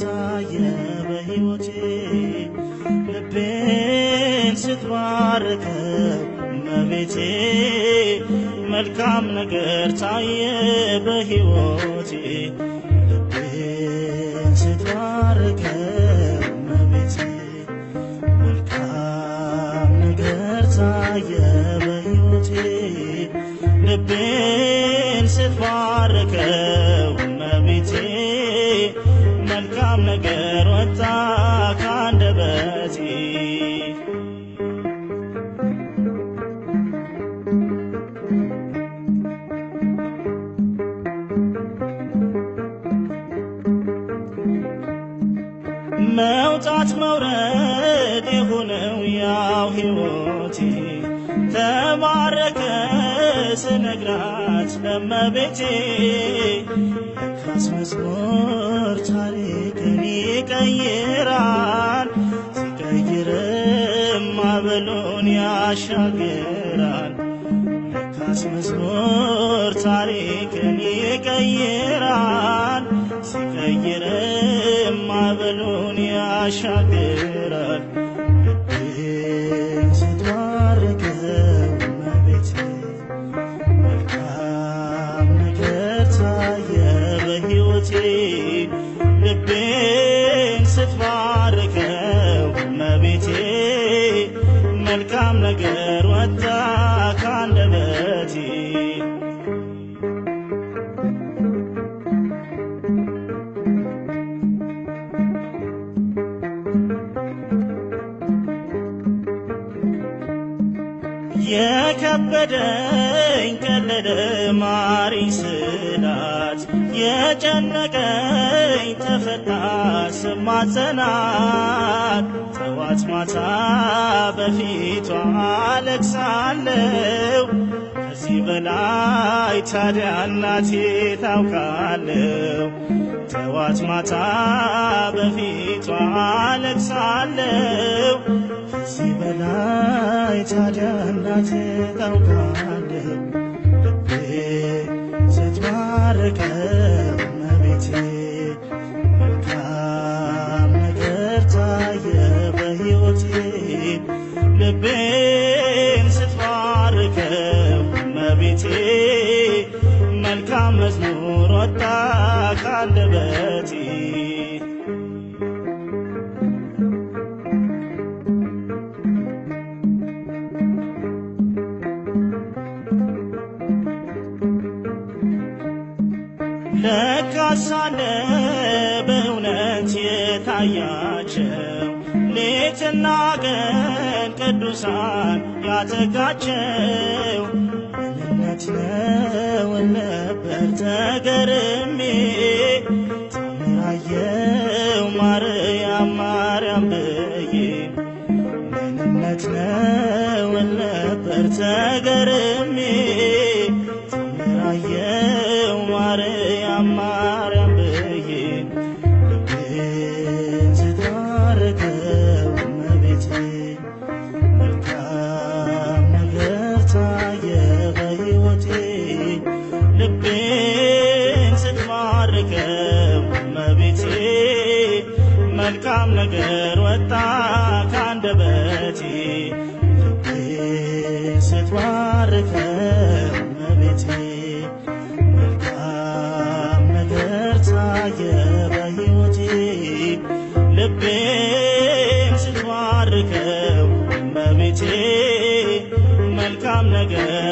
ታየ በሕይወቴ ልቤን ስትባርከው መቤቴ መልካም ነገር ታየ በሕይወቴ ልቤን ስትባርከው እመቤቴ መልካም ነገር ታየ በሕይወቴ ልቤን ስትባርከው መልካም ነገር ወጣ ካንደበቴ መውጣት መውረድ የሆነው ያው ሕይወቴ ተባረከ ስነግራት ለመቤቴ ካስ ይቀይራል ሲቀይርም ማዕበሉን ያሻግራል። ለካስ መዝሙር ታሪክን ይቀይራል ሲቀይርም ማዕበሉን ያሻግራል። የከበደኝ ቀለለ ማሪ ስላት የጨነቀኝ ተፈታ ስማጸናት ጠዋት ማታ በፊቷ አለቅሳለሁ። ከዚህ በላይ ታዲያ እናቴ ታውቃለሁ። ጠዋት ማታ በፊቷ አለቅሳለሁ። ወይ ታዲያ እናቴ ታውቃለህ ልቤ ስትባርከው እመቤቴ መልካም ነገር ታየ በሕይወቴ ልቤን ስትባርከው መልካም መዝሙር ወጣ ካንደበቴ ካሳለ በእውነት የታያቸው ሌትና ቀን ቅዱሳን ያተጋቸው ምንነት ነው ነበር ተገርሜ ተምራየው ማርያም ማርያም ብዬ ምንነት ነው ነበር ተገርሜ ተምራየው መልካም ነገር ወጣ ካንደበቴ ልቤ ስትባርከው እመቤቴ መልካም ነገር ታየ በሕይወቴ ልቤም ስትዋርከ እመቤቴ መልካም ነገር